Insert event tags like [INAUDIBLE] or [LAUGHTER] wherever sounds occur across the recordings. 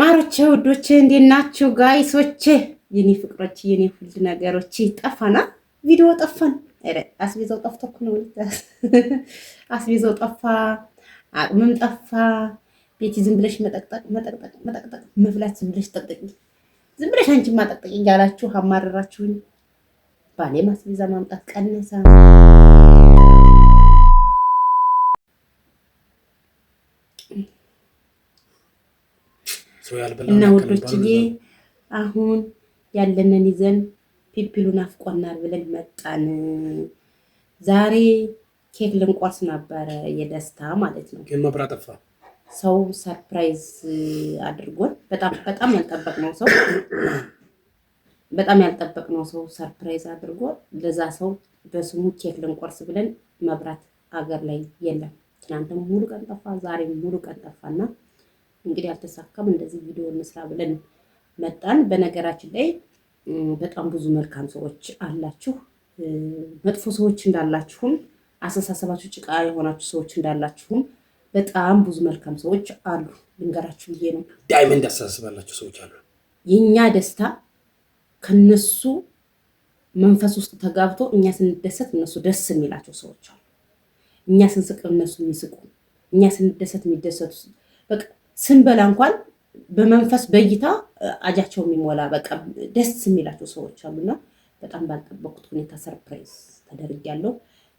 ማሮቼ ውዶቼ እንዴት ናችሁ? ጋይሶቼ የኔ ፍቅሮች የኔ ሁሉ ነገሮች ጠፋና ቪዲዮ ጠፋን። አስቤዛው ጠፍቶ እኮ ነው። አስቤዛው ጠፋ፣ አቅምም ጠፋ። ቤቲ ዝም ብለሽ መጠቅጠቅ መጠቅጠቅ መጠቅጠቅ መብላት ዝም ብለሽ ጠቅጠቂ፣ ዝም ብለሽ አንቺ ማጠቅጠቂ እያላችሁ አማረራችሁኝ። ባሌም ማስቤዛ ማምጣት ቀነሰ። እና ውዶችዬ አሁን ያለንን ይዘን ፒፒሉን አፍቆናል ብለን መጣን። ዛሬ ኬክ ልንቆርስ ነበረ የደስታ ማለት ነው። ግን መብራት ጠፋ። ሰው ሰርፕራይዝ አድርጎን በጣም በጣም ያልጠበቅነው ሰው በጣም ያልጠበቅነው ሰው ሰርፕራይዝ አድርጎ ለዛ ሰው በስሙ ኬክ ልንቆርስ ብለን መብራት አገር ላይ የለም። ትናንትም ሙሉ ቀን ጠፋ፣ ዛሬም ሙሉ ቀን ጠፋና እንግዲህ አልተሳካም፣ እንደዚህ ቪዲዮ እንስራ ብለን መጣን። በነገራችን ላይ በጣም ብዙ መልካም ሰዎች አላችሁ፣ መጥፎ ሰዎች እንዳላችሁም፣ አስተሳሰባችሁ ጭቃ የሆናችሁ ሰዎች እንዳላችሁም በጣም ብዙ መልካም ሰዎች አሉ። ልንገራችሁ ብዬ ነው። ዳይመንድ አስተሳሰብ ሰዎች አሉ። የእኛ ደስታ ከነሱ መንፈስ ውስጥ ተጋብቶ እኛ ስንደሰት እነሱ ደስ የሚላቸው ሰዎች አሉ። እኛ ስንስቅ እነሱ የሚስቁ፣ እኛ ስንደሰት የሚደሰቱ በቃ ስንበላ እንኳን በመንፈስ በእይታ አጃቸው የሚሞላ በቃ ደስ የሚላቸው ሰዎች አሉና በጣም ባልጠበቁት ሁኔታ ሰርፕራይዝ ተደርጊያለሁ።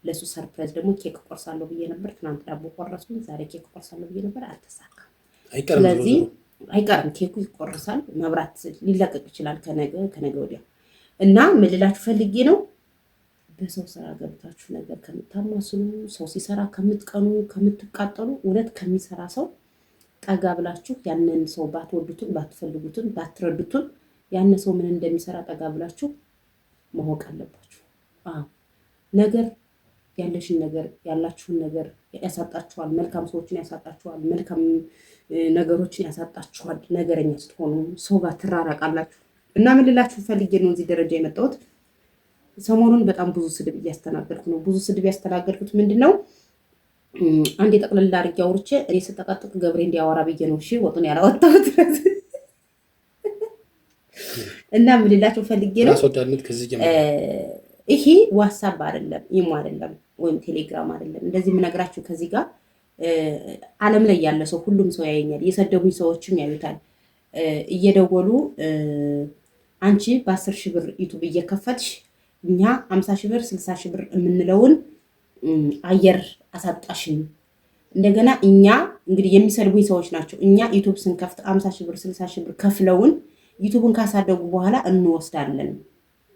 ለእሱ ሰርፕራይዝ ደግሞ ኬክ ቆርሳለሁ ብዬ ነበር። ትናንት ዳቦ ቆረስኩኝ፣ ዛሬ ኬክ ቆርሳለሁ ብዬ ነበር፣ አልተሳካም። ስለዚህ አይቀርም፣ ኬኩ ይቆርሳል። መብራት ሊለቀቅ ይችላል ከነገ ከነገ ወዲያ እና ምልላችሁ ፈልጌ ነው በሰው ስራ ገብታችሁ ነገር ከምታማስሉ ሰው ሲሰራ ከምትቀኑ ከምትቃጠሉ እውነት ከሚሰራ ሰው ጠጋ ብላችሁ ያንን ሰው ባትወዱትም ባትፈልጉትም ባትረዱትም ያን ሰው ምን እንደሚሰራ ጠጋ ብላችሁ ማወቅ አለባችሁ። ነገር ያለሽን ነገር ያላችሁን ነገር ያሳጣችኋል። መልካም ሰዎችን ያሳጣችኋል። መልካም ነገሮችን ያሳጣችኋል። ነገረኛ ስትሆኑ ሰው ጋር ትራራቃላችሁ። እና ምን ልላችሁ ፈልጌ ነው እዚህ ደረጃ የመጣሁት። ሰሞኑን በጣም ብዙ ስድብ እያስተናገድኩ ነው። ብዙ ስድብ ያስተናገድኩት ምንድን ነው አንድ የጠቅልል አድርጌ አውርቼ እኔ ስጠቀጥቅ ገብሬ እንዲያወራ ብዬ ነው። እሺ ወጡን ያላወጣሁት [LAUGHS] እና ምልላቸው ፈልጌ ነው። ይሄ ዋትሳፕ አይደለም፣ ኢሞ አይደለም፣ ወይም ቴሌግራም አይደለም። እንደዚህ የምነግራችሁ ከዚህ ጋር አለም ላይ ያለ ሰው ሁሉም ሰው ያየኛል። የሰደቡኝ ሰዎችም ያዩታል። እየደወሉ አንቺ በአስር ሺህ ብር ዩቱብ እየከፈትሽ እኛ ሀምሳ ሺህ ብር ስልሳ ሺህ ብር የምንለውን አየር አሳጣሽን። እንደገና እኛ እንግዲህ የሚሰድቡኝ ሰዎች ናቸው። እኛ ዩቱብ ስንከፍት አምሳ ሺህ ብር ስልሳ ሺህ ብር ከፍለውን ዩቱብን ካሳደጉ በኋላ እንወስዳለን።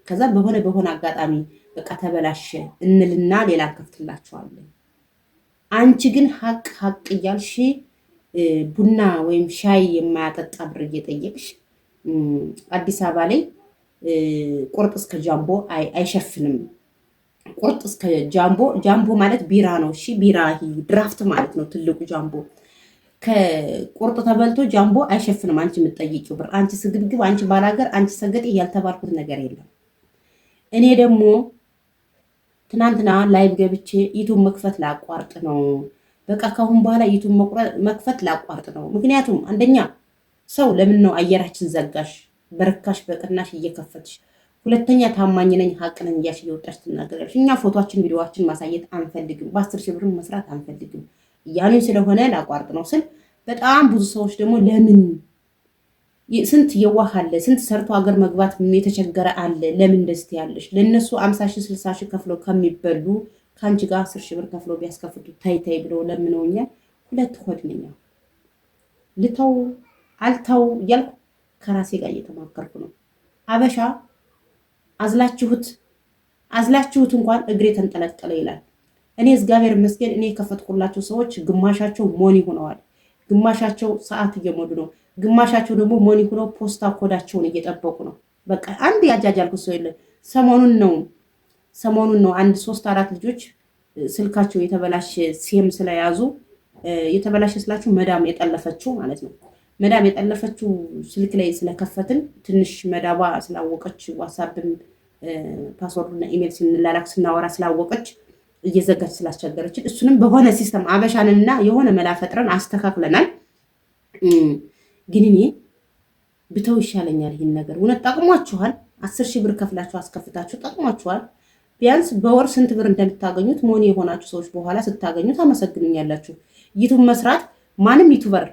ከዛ በሆነ በሆነ አጋጣሚ በቃ ተበላሸ እንልና ሌላ እንከፍትላቸዋለን። አንቺ ግን ሀቅ ሀቅ እያልሽ ቡና ወይም ሻይ የማያጠጣ ብር እየጠየቅሽ አዲስ አበባ ላይ ቁርጥ እስከ ጃምቦ አይሸፍንም ቁርጥ እስከ ጃምቦ። ጃምቦ ማለት ቢራ ነው። እሺ ቢራ ድራፍት ማለት ነው። ትልቁ ጃምቦ ከቁርጥ ተበልቶ ጃምቦ አይሸፍንም። አንቺ የምትጠይቂው ብር፣ አንቺ ስግብግብ፣ አንቺ ባላገር፣ አንቺ ሰገጤ ያልተባልኩት ነገር የለም። እኔ ደግሞ ትናንትና ላይቭ ገብቼ ዩቱብ መክፈት ላቋርጥ ነው። በቃ ካሁን በኋላ ዩቱብ መክፈት ላቋርጥ ነው። ምክንያቱም አንደኛ ሰው ለምን ነው አየራችን ዘጋሽ? በርካሽ በቅናሽ እየከፈትሽ ሁለተኛ ታማኝ ነኝ ሀቅ ነኝ እያልሽ እየወጣሽ ትናገራለች። እኛ ፎቶችን ቪዲዮችን ማሳየት አንፈልግም፣ በአስር ሺህ ብር መስራት አንፈልግም እያሉኝ ስለሆነ ላቋርጥ ነው ስል በጣም ብዙ ሰዎች ደግሞ ለምን ስንት የዋህ አለ፣ ስንት ሰርቶ ሀገር መግባት የተቸገረ አለ፣ ለምን ደስት ያለሽ ለእነሱ አምሳ ሺ ስልሳ ሺ ከፍለው ከሚበሉ ከአንቺ ጋር አስር ሺ ብር ከፍለው ቢያስከፍቱ ታይታይ ብለው ለምነውኛል። ሁለት ሆድ ነኛ ልተው አልተው እያልኩ ከራሴ ጋር እየተማከርኩ ነው አበሻ አዝላችሁት አዝላችሁት እንኳን እግሬ ተንጠለጠለ ይላል። እኔ እግዚአብሔር ይመስገን እኔ የከፈትኩላቸው ሰዎች ግማሻቸው ሞኒ ሆነዋል፣ ግማሻቸው ሰዓት እየሞሉ ነው፣ ግማሻቸው ደግሞ ሞኒ ሆነው ፖስታ ኮዳቸውን እየጠበቁ ነው። በቃ አንድ ያጃጃልኩ ሰው የለ ሰሞኑን ነው ሰሞኑን ነው አንድ ሶስት አራት ልጆች ስልካቸው የተበላሸ ሲም ስለያዙ የተበላሸ ስላችሁ መዳም የጠለፈችው ማለት ነው መዳም የጠለፈችው ስልክ ላይ ስለከፈትን ትንሽ መዳቧ ስላወቀች ዋሳብን ፓስወርድና ኢሜል ስንላላክ ስናወራ ስላወቀች እየዘጋች ስላስቸገረችን እሱንም በሆነ ሲስተም አበሻንና የሆነ መላ ፈጥረን አስተካክለናል። ግን እኔ ብተው ይሻለኛል። ይህን ነገር እውነት ጠቅሟችኋል። አስር ሺህ ብር ከፍላችሁ አስከፍታችሁ ጠቅሟችኋል። ቢያንስ በወር ስንት ብር እንደምታገኙት ሞኒ የሆናችሁ ሰዎች በኋላ ስታገኙት አመሰግኑኛላችሁ። ዩቱብ መስራት ማንም ዩቱበር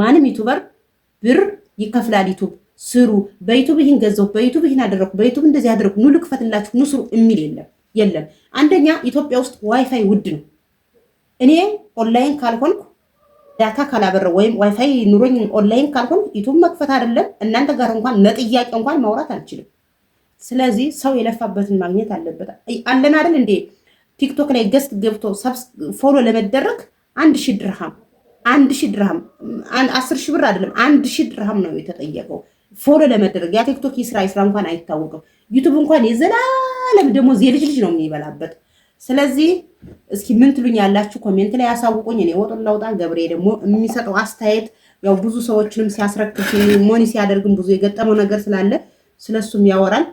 ማንም ዩቱበር ብር ይከፍላል። ዩቱብ ስሩ፣ በዩቱብ ይህን ገዘው፣ በዩቱብ ይህን አደረጉ፣ በዩቱብ እንደዚህ ያደረጉ፣ ኑ ልክፈትላችሁ፣ ኑ ስሩ የሚል የለም የለም። አንደኛ ኢትዮጵያ ውስጥ ዋይፋይ ውድ ነው። እኔ ኦንላይን ካልሆንኩ ዳታ ካላበረው ወይም ዋይፋይ ኑሮኝ ኦንላይን ካልሆን ዩቱብ መክፈት አይደለም እናንተ ጋር እንኳን ለጥያቄ እንኳን ማውራት አልችልም። ስለዚህ ሰው የለፋበትን ማግኘት አለበት። አለን አይደል እንዴ? ቲክቶክ ላይ ገስት ገብቶ ፎሎ ለመደረግ አንድ ሺህ ድርሃም አንድ ሺህ ድርሃም አስር ሺህ ብር አይደለም አንድ ሺህ ድርሃም ነው የተጠየቀው ፎሎ ለመደረግ። ያ ቲክቶክ የስራ እንኳን አይታወቅም። ዩቱብ እንኳን የዘላለም ደግሞ የልጅ ልጅ ነው የሚበላበት። ስለዚህ እስኪ ምን ትሉኝ ያላችሁ ኮሜንት ላይ ያሳውቁኝ። እኔ ወጡን ላውጣ። ገብሬ ደግሞ የሚሰጠው አስተያየት ያው ብዙ ሰዎችንም ሲያስረክፍ ሞኒ ሲያደርግም ብዙ የገጠመው ነገር ስላለ ስለሱም ያወራል።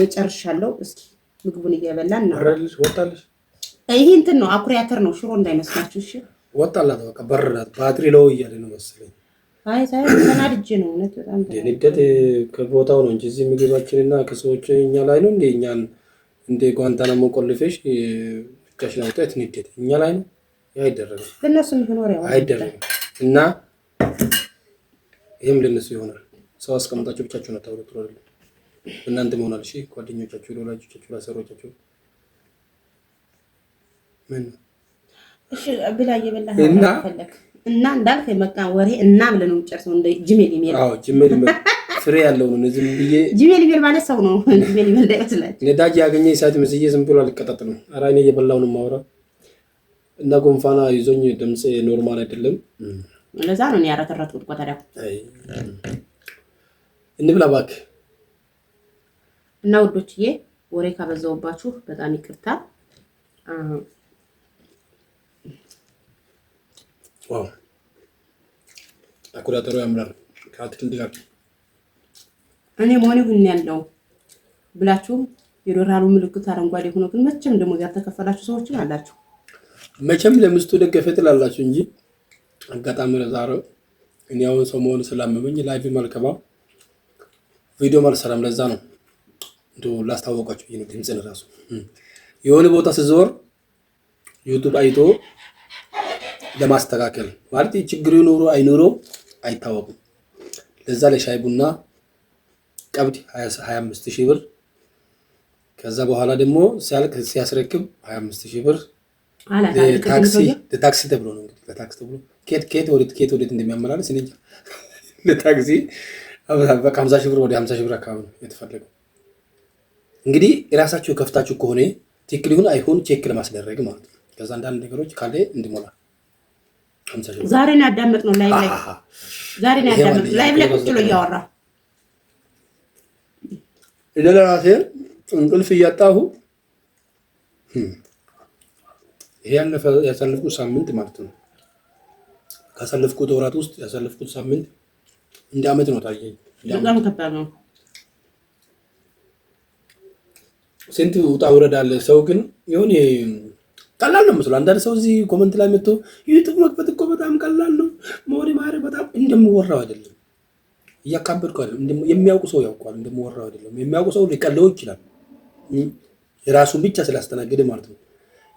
መጨረሻለሁ። እስኪ ምግቡን እየበላን ነው። ይህ እንትን ነው አኩሪ አተር ነው ሽሮ እንዳይመስላችሁ እሺ። ወጣላት በቃ በረራት። ባትሪ ለው እያለ ነው መሰለኝ። አይ ነው ንደት ከቦታው ነው እንጂ እዚህ ምግባችንና ከሰዎች እኛ ላይ ነው እንዴ? እኛን እንደ ጓንታናሞ ቆልፌሽ ብቻሽን አውጣት። ንደት እኛ ላይ ነው አይደረግም፣ ለነሱ አይደረግም። እና ይህም ለነሱ ይሆናል። ሰው አስቀምጣቸው ነው አታውሩ። ጥሩ አይደለም። እናንተ መሆናል። ምን ነው ብላ እየበላ ፈለግ እና እንዳልክ መቃ ወሬ እና ብለን ነው ጨርሰው እንደ ጂሜል ኢሜል ጂሜል ኢሜል ፍሬ ያለው ነው። ዝም ብዬ ጂሜል ኢሜል ማለት ሰው ነው። [LAUGHS] ጂሜል ኢሜል ላይ ነዳጅ ያገኘ እሳት መስዬ ዝም ብሎ አልቀጣጥም። ኧረ እኔ እየበላሁ ነው የማወራው እና ጎንፋና ይዞኝ ድምፅ ኖርማል አይደለም። ለዛ ነው ያረተረትኩት። እኮ ታዲያ እንብላ እባክህ። እና ውዶችዬ ወሬ ካበዛውባችሁ በጣም ይቅርታል። ዋው አኩዳተሩ ያምራል ከአትክልት ጋር እኔ መሆኔ ሁን ያለው ብላችሁም የዶላሩ ምልክት አረንጓዴ ሆኖ ግን መቼም ደግሞ ያልተከፈላችሁ ሰዎችን አላችሁ። መቼም ለሚስቱ ደገፈ ትላላችሁ እንጂ አጋጣሚ ዛሬ እኔ አሁን መሆኑ ስላመመኝ ላይቭ መልከባ ቪዲዮ አልሰራም። ለዛ ነው እንዲሁ ላስታወቃችሁ ድምፅን ራሱ የሆነ ቦታ ስዞር ዩቱብ አይቶ ለማስተካከል ማለት ችግር ኖሮ አይኖሮ አይታወቁም። ለዛ ለሻይ ቡና ቀብድ 25 ሺህ ብር ከዛ በኋላ ደግሞ ሲያልቅ ሲያስረክብ 25 ሺህ ብር ለታክሲ ተብሎ ነው እንግዲህ ለታክሲ ተብሎ ኬት ኬት ወዴት ኬት ወዴት እንደሚያመላለስ እኔ [LAUGHS] ለታክሲ በቃ 50 ሺህ ብር ወደ 50 ሺህ ብር አካባቢ ነው የተፈለገው። እንግዲህ የራሳችሁ ከፍታችሁ ከሆነ ትክክል ይሁን አይሁን ቼክ ለማስደረግ ማለት ነው። ከዛ አንዳንድ ነገሮች ካለ እንድሞላ ዛሬ ነው ያዳመጥነው። ላይቭ ላይ ዛሬ ነው ያዳመጥነው። ላይቭ ላይ ቁጭ ብሎ እያወራ ለራሴ እንቅልፍ እያጣሁ ይሄ ያሳለፍኩት ሳምንት ማለት ነው። ካሳለፍኩት ወራት ውስጥ ያሳለፍኩት ሳምንት እንደ አመት ነው ታየኝ። በጣም ከባድ ነው። ስንት ውጣ ውረድ አለ። ሰው ግን ይሁን ቀላል ነው መስሎ አንዳንድ ሰው እዚህ ኮመንት ላይ መጥቶ ዩቱብ መክፈት እኮ በጣም ቀላል ነው መሪ ማረ በጣም እንደምወራው አይደለም፣ እያካበድኩ አይደለም። የሚያውቁ ሰው ያውቋል፣ እንደምወራው አይደለም። የሚያውቁ ሰው ሊቀለው ይችላል፣ የራሱን ብቻ ስላስተናገደ ማለት ነው።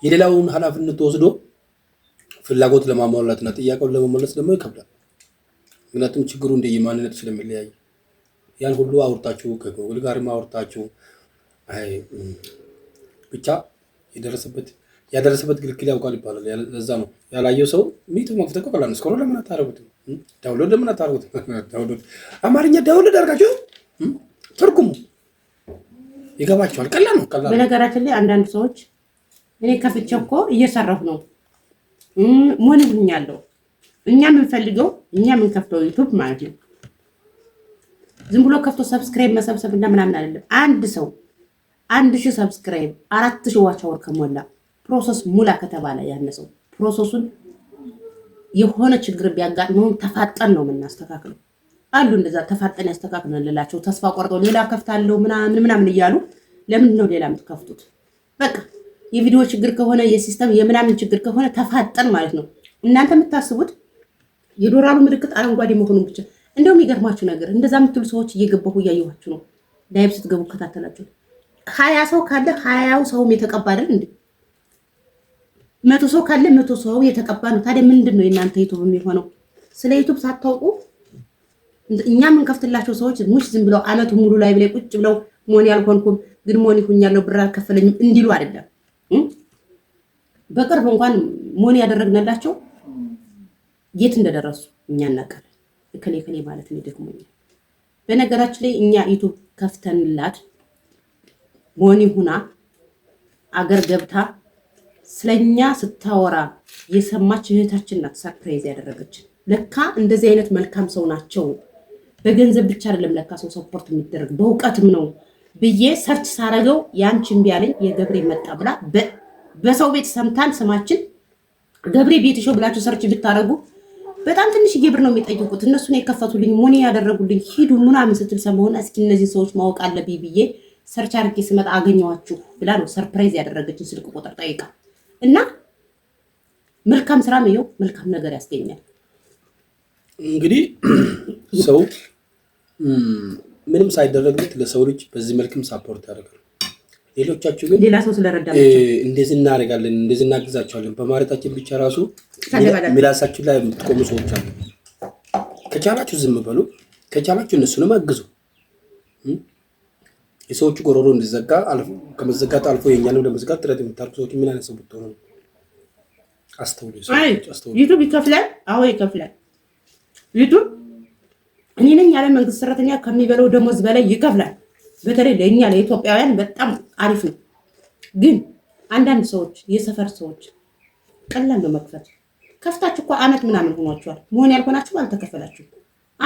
የሌላውን ኃላፊነት ወስዶ ፍላጎት ለማሟላትና ጥያቄውን ለመመለስ ደግሞ ይከብዳል። ምክንያቱም ችግሩ እንደ የማንነት ስለሚለያይ ያን ሁሉ አውርታችሁ ከጎግል ጋርም አውርታችሁ ብቻ የደረሰበት ያደረሰበት ግልክል ያውቃል ይባላል። ለዛ ነው ያላየው ሰው ዩቱብ መክፈት እኮ ቀላል ነው። እስከሮ ለምን አታደርጉትም? ዳውሎድ ለምን አታደርጉትም? [LAUGHS] ዳውሎድ አማርኛ ዳውሎድ አድርጋችሁ ትርጉሙ ይገባቸዋል። ቀላል ነው። ቀላል በነገራችን ላይ አንዳንድ ሰዎች እኔ ከፍቼ እኮ እየሰራሁ ነው ሞን ብኛለው። እኛ የምንፈልገው እኛ የምንከፍተው ዩቱብ ማለት ነው ዝም ብሎ ከፍቶ ሰብስክራይብ መሰብሰብ እና ምናምን አይደለም። አንድ ሰው አንድ ሺህ ሰብስክራይብ አራት ሺህ ዋች አወር ከሞላ ፕሮሰስ ሙላ ከተባለ ያነሰው ፕሮሰሱን የሆነ ችግር ቢያጋጥመውን ተፋጠን ነው የምናስተካክለው። አሉ እንደዛ ተፋጠን ያስተካክለን ልላቸው ተስፋ ቆርጠው ሌላ ከፍታለሁ ምናምን ምናምን እያሉ ለምንድን ነው ሌላ የምትከፍቱት? በቃ የቪዲዮ ችግር ከሆነ የሲስተም የምናምን ችግር ከሆነ ተፋጠን ማለት ነው። እናንተ የምታስቡት የዶላሩ ምልክት አረንጓዴ መሆኑን ብቻ። እንደውም የሚገርማችሁ ነገር እንደዛ የምትሉ ሰዎች እየገባሁ እያየኋችሁ ነው። ላይብ ስትገቡ እከታተላችሁ ሀያ ሰው ካለ ሀያው ሰውም የተቀባ አይደል እንዴ? መቶ ሰው ካለ መቶ ሰው የተቀባ ነው። ታዲያ ምንድን ነው የእናንተ ዩቱብ የሚሆነው? ስለ ዩቱብ ሳታውቁ እኛ የምንከፍትላቸው ሰዎች ሙሽ ዝም ብለው አመቱ ሙሉ ላይ ብላይ ቁጭ ብለው ሞኒ አልሆንኩም ግን ሞኒ ሁኛለሁ ብር አልከፈለኝም እንዲሉ አይደለም። በቅርብ እንኳን ሞኒ ያደረግንላቸው የት እንደደረሱ እኛ እናውቃለን። እከሌ እከሌ ማለት ነው ይደክሞኛል። በነገራችን ላይ እኛ ዩቱብ ከፍተንላት ሞኒ ሁና አገር ገብታ ስለኛ ስታወራ የሰማች እህታችን ናት ሰርፕራይዝ ያደረገችን። ለካ እንደዚህ አይነት መልካም ሰው ናቸው። በገንዘብ ብቻ አይደለም ለካ ሰው ሰፖርት የሚደረግ በእውቀትም ነው ብዬ ሰርች ሳረገው ያንቺን ቢያለኝ የገብሬ መጣ ብላ በሰው ቤት ሰምታን ስማችን ገብሬ ቤትሾ ብላችሁ ሰርች ብታደረጉ በጣም ትንሽ ጌብር ነው የሚጠይቁት። እነሱን የከፈቱልኝ ሞኔ ያደረጉልኝ ሂዱ ምናምን ስትል ሰሞኑን እስኪ እነዚህ ሰዎች ማወቅ አለብኝ ብዬ ሰርች አድርጌ ስመጣ አገኘዋችሁ ብላ ነው ሰርፕራይዝ ያደረገችን ስልክ ቁጥር ጠይቃል። እና መልካም ስራም ነው መልካም ነገር ያስገኛል። እንግዲህ [CLEARS THROAT] ሰው ምንም ሳይደረግለት ለሰው ልጅ በዚህ መልክም ሳፖርት ያደርጋል። ሌሎቻችሁ ግን ሌላ ሰው ስለረዳቸው እንደዚህ እናደርጋለን እንደዚህ እናግዛቸዋለን በማለታችን ብቻ ራሱ ሚላሳችሁ ላይ የምትቆሙ ሰዎች አሉ። ከቻላችሁ ዝም በሉ፣ ከቻላችሁ እነሱንም አግዙ። የሰዎቹ ጎሮሮ እንዲዘጋ ከመዘጋት አልፎ የኛ ለመዘጋት ጥረት የምታርጉ ሰዎች ምን አይነት ሰው ብትሆኑ ነው? አስተውሉ። ዩቱብ ይከፍላል። አዎ ይከፍላል። ዩቱብ እኔ ነኝ ያለ መንግስት ሰራተኛ ከሚበለው ደሞዝ በላይ ይከፍላል። በተለይ ለእኛ ለኢትዮጵያውያን በጣም አሪፍ ነው። ግን አንዳንድ ሰዎች የሰፈር ሰዎች ቀላል ነው መክፈት። ከፍታችሁ እኮ አመት ምናምን ሆኗችኋል። መሆን ያልሆናችሁ አልተከፈላችሁ።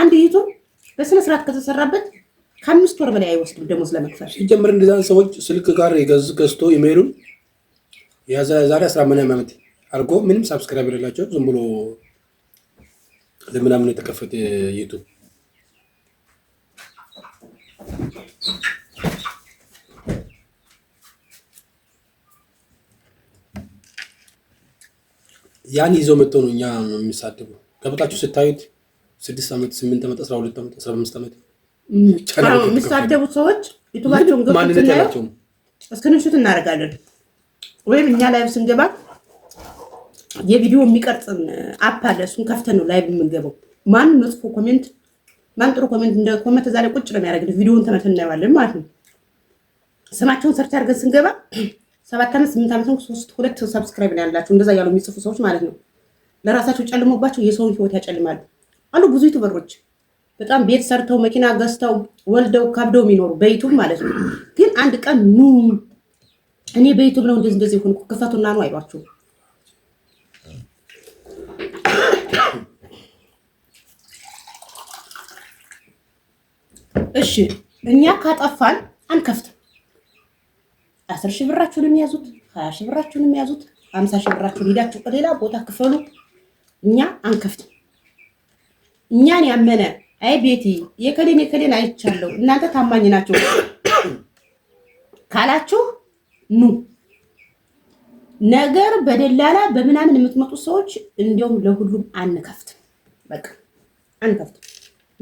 አንድ ዩቱብ በስነስርዓት ከተሰራበት ከአምስት ወር በላይ አይወስድም ደሞዝ ለመክፈል ሲጀምር። እንደዛን ሰዎች ስልክ ጋር ገዝቶ ኢሜይሉን የዛሬ አስራ ምናምን ዓመት አድርጎ ምንም ሳብስክራይብ የሌላቸው ዝም ብሎ ለምናምን የተከፈተ ዩቱብ ያን ይዘው መጥተው ነው እኛ የሚሳደቡ። ከብታችሁ ስታዩት ስድስት ዓመት ስምንት ዓመት አስራ ሁለት ዓመት አስራ አምስት ዓመት የሚሳደቡ ሰዎች ዩቱባቸውን ገብቶ እስክንሹት እናደርጋለን ወይም እኛ ላይቭ ስንገባ የቪዲዮ የሚቀርጽን አፕ አለ። እሱን ከፍተን ነው ላይቭ የምንገባው። ማን መጥፎ ኮሜንት፣ ማን ጥሩ ኮሜንት እንደ ኮመንት እዛ ላይ ቁጭ ነው የሚያደርግን። ቪዲዮውን ተመልሰን እናየዋለን ማለት ነው። ስማቸውን ሰርች አድርገን ስንገባ ሰባት ዓመት ስምንት ዓመት ሶስት ሁለት ሰብስክራይብ ነው ያላቸው እንደዛ ያሉ የሚጽፉ ሰዎች ማለት ነው። ለራሳቸው ጨልሞባቸው የሰውን ህይወት ያጨልማሉ አሉ ብዙ ዩቱበሮች በጣም ቤት ሰርተው መኪና ገዝተው ወልደው ከብደው የሚኖሩ በይቱም ማለት ነው። ግን አንድ ቀን ኑ እኔ በዩቱብ ነው እንደዚህ እንደዚህ ሆንኩ ክፈቱና ነው አይሏችሁ። እሺ እኛ ካጠፋን አንከፍትም። አስር ሺህ ብራችሁን የሚያዙት ሀያ ሺህ ብራችሁን የሚያዙት አምሳ ሺህ ብራችሁን ሄዳችሁ ሌላ ቦታ ክፈሉ። እኛ አንከፍትም። እኛን ያመነ አይ ቤቴ የከሌን የከሌን አይቻለሁ እናንተ ታማኝ ናቸው ካላችሁ ኑ። ነገር በደላላ በምናምን የምትመጡ ሰዎች እንዲያውም ለሁሉም አንከፍትም፣ በቃ አንከፍትም።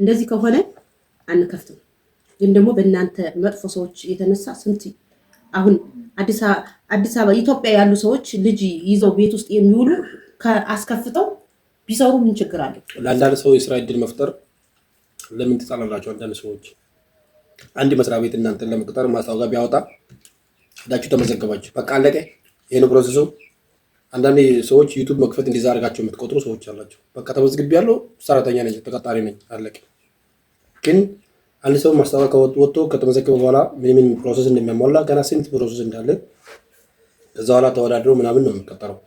እንደዚህ ከሆነ አንከፍትም። ግን ደግሞ በእናንተ መጥፎ ሰዎች የተነሳ ስንት አሁን አዲስ አበባ ኢትዮጵያ ያሉ ሰዎች ልጅ ይዘው ቤት ውስጥ የሚውሉ አስከፍተው ቢሰሩ ምን ችግር አለው? ለአንዳንድ ሰው የስራ እድል መፍጠር ለምን ትጣላላችሁ? አንዳንድ ሰዎች አንድ መስሪያ ቤት እናንተን ለመቅጠር ማስታወቂያ ቢያወጣ ሄዳችሁ ተመዘገባችሁ፣ በቃ አለቀ። ይህን ፕሮሰሱ አንዳንድ ሰዎች ዩቱብ መክፈት እንዲዛ አድርጋቸው የምትቆጥሩ ሰዎች አላቸው። በቃ ተመዝግብ ያለው ሰራተኛ ነኝ፣ ተቀጣሪ ነኝ፣ አለቀ። ግን አንድ ሰው ማስታወቂያ ወጥቶ ከተመዘገበ በኋላ ምን ምን ፕሮሰስ እንደሚያሟላ ገና ስንት ፕሮሰስ እንዳለ ከዛ በኋላ ተወዳድሮ ምናምን ነው የሚቀጠረው።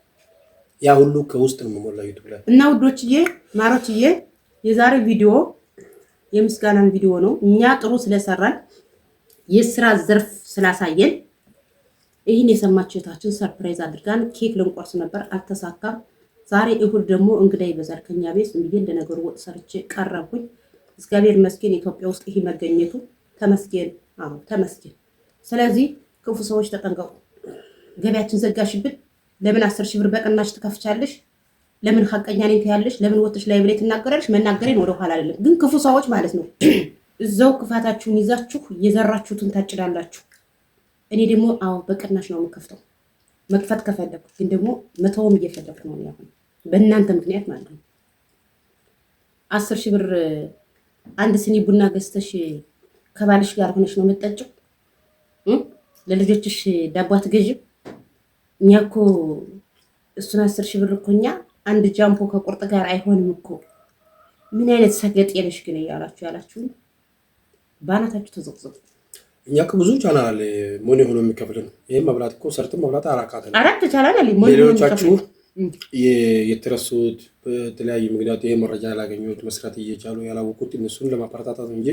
ያ ሁሉ ከውስጥ ነው የሚሞላ ዩቱብ ላይ እና ውዶችዬ፣ ማሮችዬ የዛሬ ቪዲዮ የምስጋናን ቪዲዮ ነው። እኛ ጥሩ ስለሰራን የስራ ዘርፍ ስላሳየን ይህን የሰማችሁታችን ሰርፕራይዝ አድርጋን ኬክ ልንቆርስ ነበር፣ አልተሳካም። ዛሬ እሁድ ደግሞ እንግዳ ይበዛል ከኛ ቤት እንደ እንደነገሩ ወጥ ሰርቼ ቀረብኩኝ። እግዚአብሔር ይመስገን ኢትዮጵያ ውስጥ ይህ መገኘቱ ተመስገን፣ አዎ ተመስገን። ስለዚህ ክፉ ሰዎች ተጠንቀቁ። ገበያችን ዘጋሽብን። ለምን አስር ሺህ ብር በቅናሽ ትከፍቻለሽ? ለምን ሀቀኛ ነኝ ትያለሽ? ለምን ወጥሽ ላይ ብለሽ ትናገራለሽ? መናገሬን ወደኋላ አይደለም፣ ግን ክፉ ሰዎች ማለት ነው [CLEARS THROAT] እዛው ክፋታችሁን ይዛችሁ የዘራችሁትን ታጭዳላችሁ። እኔ ደግሞ አዎ በቅናሽ ነው የምከፍተው። መክፈት ከፈለግኩ ግን ደግሞ መተውም እየፈለኩ ነው ያሁን በእናንተ ምክንያት ማለት ነው። አስር ሺህ ብር አንድ ስኒ ቡና ገዝተሽ ከባልሽ ጋር ሆነሽ ነው የምትጠጪው፣ ለልጆችሽ ዳቦ አትገዢም። እኛ እኮ እሱን አስር ሺህ ብር እኮ እኛ አንድ ጃምፖ ከቁርጥ ጋር አይሆንም እኮ ምን አይነት ሰገጤ ነሽ ግን እያላችሁ ያላችሁን በአናታችሁ ተዘቅዘቁ። እኛ ብዙ ቻናል ሞኒ ሆኖ የሚከፍልን ይህም መብላት እኮ ሰርተን መብላት አራቃት አራት ቻናል አለ። ሌሎቻችሁ የተረሱት በተለያዩ ምክንያት ይህ መረጃ ያላገኙት መስራት እየቻሉ ያላወቁት እነሱን ለማበረታታት እንጂ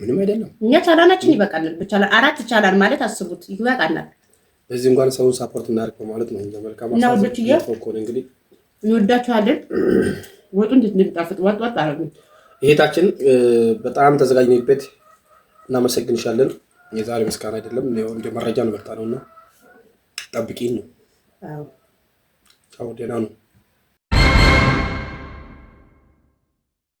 ምንም አይደለም። እኛ ቻናላችን ይበቃናል። ብቻላል አራት ቻናል ማለት አስቡት፣ ይበቃናል። በዚህ እንኳን ሰውን ሳፖርት እናደርግ በማለት ነው መልካም እንግዲህ እንወዳችኋለን። ወጡ እንዴት እንደሚጣፍጥ ወጥ ወጥ አረጉ። ይሄታችን በጣም ተዘጋጅነበት፣ እናመሰግንሻለን። የዛሬ ምስጋና አይደለም እንደ መረጃ ነው ነውና ጠብቂን ነው። ደህና ነው።